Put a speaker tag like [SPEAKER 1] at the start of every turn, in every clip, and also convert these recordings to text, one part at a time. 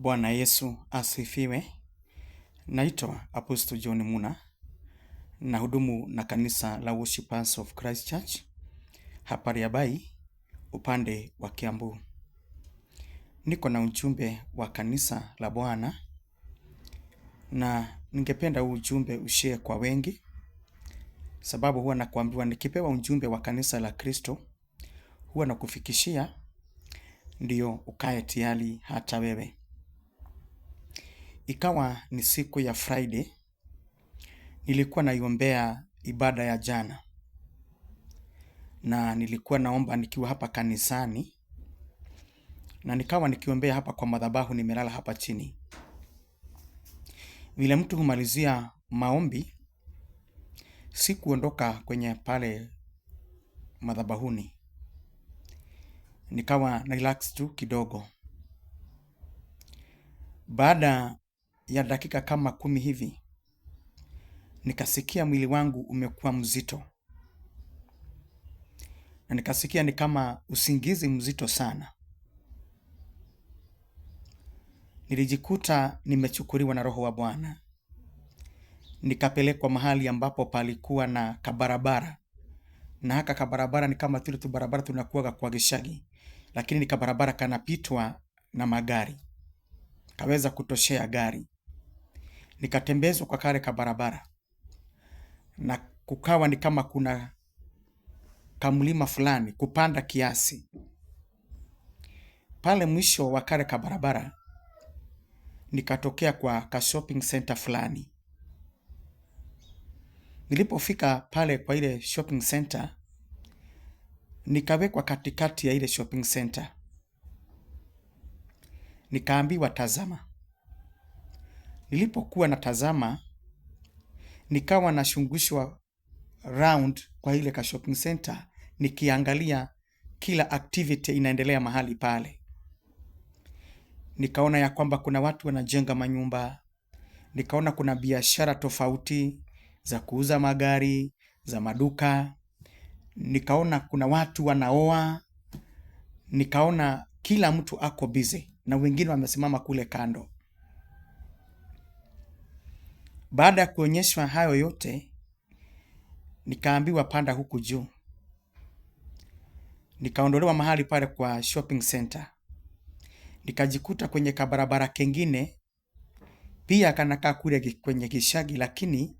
[SPEAKER 1] Bwana Yesu asifiwe. Naitwa Apostle John Muna na hudumu na kanisa la Worshipers of Christ Church hapa Riabai upande wa Kiambu. Niko na ujumbe wa kanisa la Bwana na ningependa huu ujumbe ushare kwa wengi, sababu huwa nakwambiwa nikipewa ujumbe wa kanisa la Kristo huwa nakufikishia, ndio ukae tayari hata wewe. Ikawa ni siku ya Friday, nilikuwa naiombea ibada ya jana, na nilikuwa naomba nikiwa hapa kanisani, na nikawa nikiombea hapa kwa madhabahu, nimelala hapa chini. Vile mtu humalizia maombi, sikuondoka kwenye pale madhabahuni, nikawa na relax tu kidogo. Baada ya dakika kama kumi hivi nikasikia mwili wangu umekuwa mzito na nikasikia ni kama usingizi mzito sana. Nilijikuta nimechukuliwa na Roho wa Bwana nikapelekwa mahali ambapo palikuwa na kabarabara, na haka kabarabara ni kama tule tu barabara tunakuwaga kwa gishagi, lakini ni kabarabara kanapitwa na magari, kaweza kutoshea gari nikatembezwa kwa kale ka barabara na kukawa ni kama kuna kamlima fulani kupanda kiasi pale mwisho wa kale ka barabara nikatokea kwa ka shopping center fulani. Nilipofika pale kwa ile shopping center, nikawekwa katikati ya ile shopping center, nikaambiwa tazama Nilipokuwa natazama nikawa nashungushwa round kwa ile ka shopping center nikiangalia kila activity inaendelea mahali pale. Nikaona ya kwamba kuna watu wanajenga manyumba, nikaona kuna biashara tofauti za kuuza magari, za maduka, nikaona kuna watu wanaoa, nikaona kila mtu ako busy na wengine wamesimama kule kando. Baada ya kuonyeshwa hayo yote, nikaambiwa panda huku juu, nikaondolewa mahali pale kwa shopping center, nikajikuta kwenye kabarabara kengine pia kanakaa kule kwenye kishagi, lakini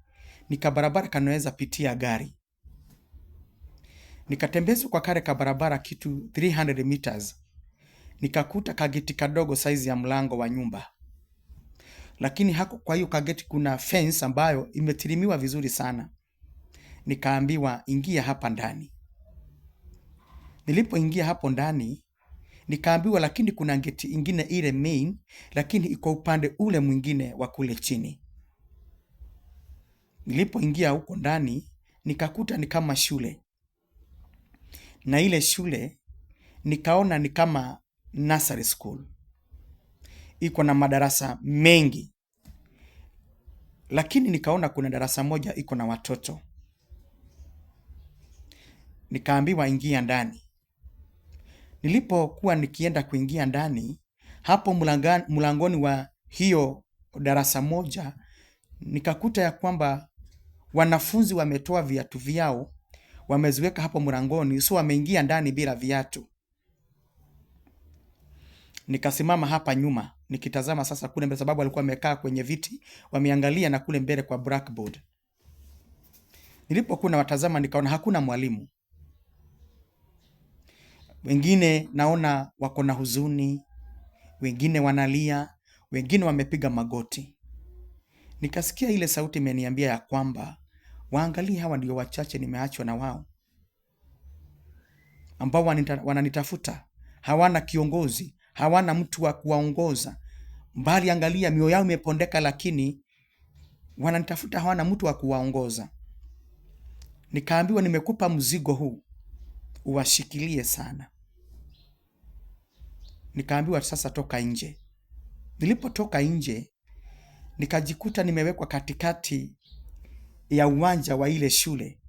[SPEAKER 1] ni kabarabara kanaweza pitia gari. Nikatembezwa kwa kare kabarabara kitu 300 meters, nikakuta kagiti kadogo saizi ya mlango wa nyumba lakini hako kwa hiyo kageti kuna fence ambayo imetirimiwa vizuri sana. Nikaambiwa ingia hapa ndani. Nilipoingia hapo ndani nikaambiwa, lakini kuna geti ingine ile main, lakini iko upande ule mwingine wa kule chini. Nilipoingia huko ndani nikakuta ni kama shule, na ile shule nikaona ni kama nursery school iko na madarasa mengi, lakini nikaona kuna darasa moja iko na watoto, nikaambiwa ingia ndani. Nilipokuwa nikienda kuingia ndani, hapo mlangoni wa hiyo darasa moja nikakuta ya kwamba wanafunzi wametoa viatu vyao wameziweka hapo mlangoni, so wameingia ndani bila viatu. Nikasimama hapa nyuma nikitazama sasa kule mbele, sababu alikuwa wamekaa kwenye viti wameangalia na kule mbele kwa blackboard. Nilipokuwa nawatazama nikaona hakuna mwalimu, wengine naona wako na huzuni, wengine wanalia, wengine wamepiga magoti. Nikasikia ile sauti imeniambia ya kwamba waangalie, hawa ndio wachache nimeachwa na wao, ambao wananitafuta, hawana kiongozi, hawana mtu wa kuwaongoza mbali, angalia, mioyo yao imepondeka, lakini wananitafuta, hawana mtu wa kuwaongoza. Nikaambiwa, nimekupa mzigo huu uwashikilie sana. Nikaambiwa sasa toka nje. Nilipotoka nje, nikajikuta nimewekwa katikati ya uwanja wa ile shule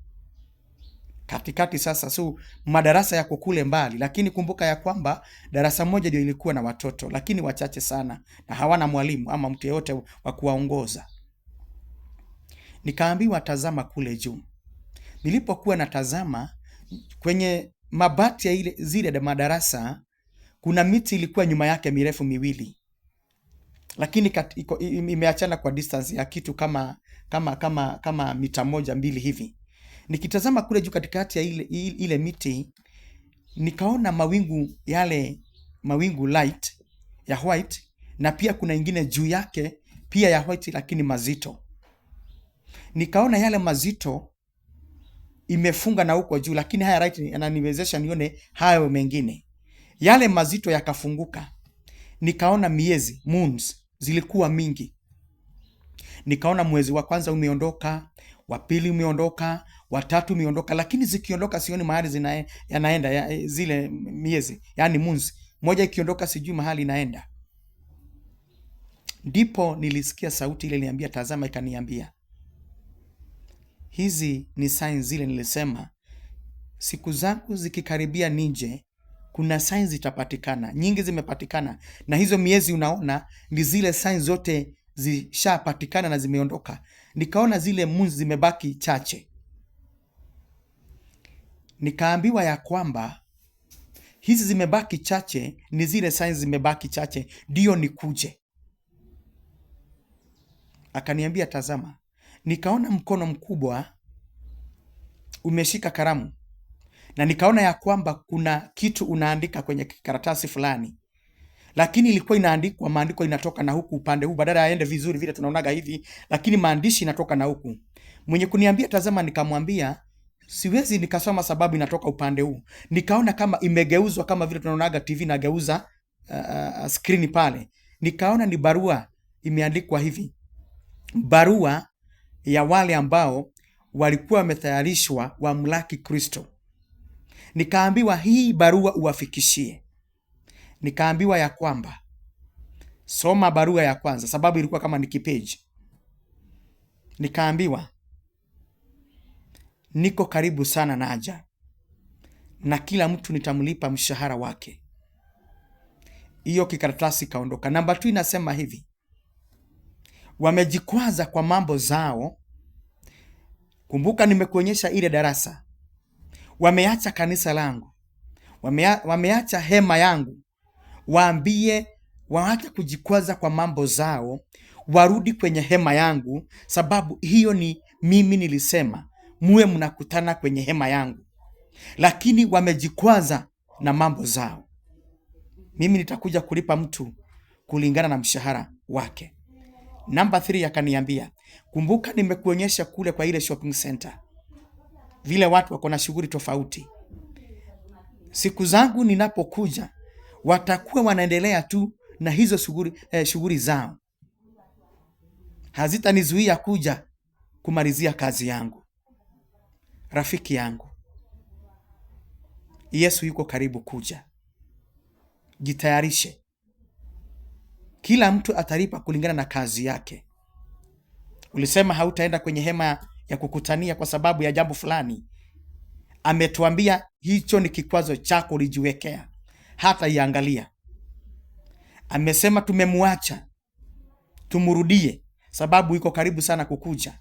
[SPEAKER 1] katikati sasa, so madarasa yako kule mbali, lakini kumbuka ya kwamba darasa moja ndio ilikuwa na watoto, lakini wachache sana, na hawana mwalimu ama mtu yeyote wa kuwaongoza. Nikaambiwa tazama kule juu. Nilipokuwa natazama kwenye mabati ya ile zile madarasa, kuna miti ilikuwa nyuma yake mirefu miwili, lakini imeachana kwa distance ya kitu kama kama kama kama mita moja mbili hivi Nikitazama kule juu katikati ya ile, ile miti nikaona mawingu yale mawingu light ya white na pia kuna ingine juu yake pia ya white lakini mazito. Nikaona yale mazito imefunga na huko juu, lakini haya right yananiwezesha nione hayo mengine. Yale mazito yakafunguka, nikaona miezi moons zilikuwa mingi. Nikaona mwezi wa kwanza umeondoka, wa pili umeondoka, watatu umeondoka, lakini zikiondoka sioni mahali yanaenda ya, eh, zile miezi yani munzi moja ikiondoka sijui mahali inaenda. Ndipo nilisikia sauti ile niambia, tazama, ikaniambia hizi ni saini zile nilisema siku zangu zikikaribia nije, kuna saini zitapatikana nyingi. Zimepatikana na hizo miezi unaona, ni zile saini zote zishapatikana na zimeondoka nikaona zile munzi zimebaki chache. Nikaambiwa ya kwamba hizi zimebaki chache ni zile signs zimebaki chache, ndio nikuje. Akaniambia tazama, nikaona mkono mkubwa umeshika karamu na nikaona ya kwamba kuna kitu unaandika kwenye karatasi fulani lakini ilikuwa inaandikwa maandiko inatoka na huku upande huu, badala yaende vizuri vile tunaonaga hivi, lakini maandishi inatoka na huku. Mwenye kuniambia tazama, nikamwambia siwezi nikasoma sababu inatoka upande huu. Nikaona kama imegeuzwa kama vile tunaonaga TV nageuza uh, uh skrini pale, nikaona ni barua imeandikwa hivi, barua ya wale ambao walikuwa wametayarishwa wamlaki Kristo. Nikaambiwa hii barua uwafikishie nikaambiwa ya kwamba soma barua ya kwanza, sababu ilikuwa kama ni kipeji. Nikaambiwa niko karibu sana naja, na kila mtu nitamlipa mshahara wake. Hiyo kikaratasi kaondoka. Namba tu inasema hivi, wamejikwaza kwa mambo zao. Kumbuka nimekuonyesha ile darasa, wameacha kanisa langu, wameacha hema yangu waambie waache kujikwaza kwa mambo zao, warudi kwenye hema yangu, sababu hiyo ni mimi nilisema muwe mnakutana kwenye hema yangu, lakini wamejikwaza na mambo zao. Mimi nitakuja kulipa mtu kulingana na mshahara wake. Namba 3 akaniambia, kumbuka, nimekuonyesha kule kwa ile shopping center vile watu wako na shughuli tofauti. Siku zangu ninapokuja watakuwa wanaendelea tu na hizo shughuli eh, shughuli zao, hazitanizuia kuja kumalizia kazi yangu. Rafiki yangu, Yesu yuko karibu kuja. Jitayarishe, kila mtu atalipa kulingana na kazi yake. Ulisema hautaenda kwenye hema ya kukutania kwa sababu ya jambo fulani. Ametuambia hicho ni kikwazo chako ulijiwekea hata iangalia. Amesema tumemwacha tumrudie, sababu iko karibu sana kukuja.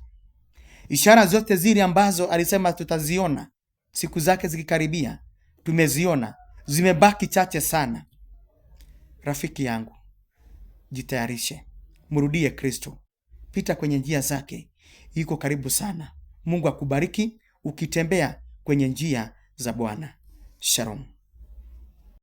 [SPEAKER 1] Ishara zote zile ambazo alisema tutaziona siku zake zikikaribia, tumeziona, zimebaki chache sana. Rafiki yangu, jitayarishe, mrudie Kristo, pita kwenye njia zake, iko karibu sana. Mungu akubariki ukitembea kwenye njia za Bwana. Shalom.